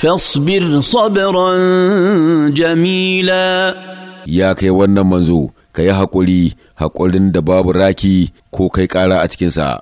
فاصبر صبرا jamila. ya kai wannan manzo ka yi haƙuri haƙurin da babu raki ko kai ƙara a cikinsa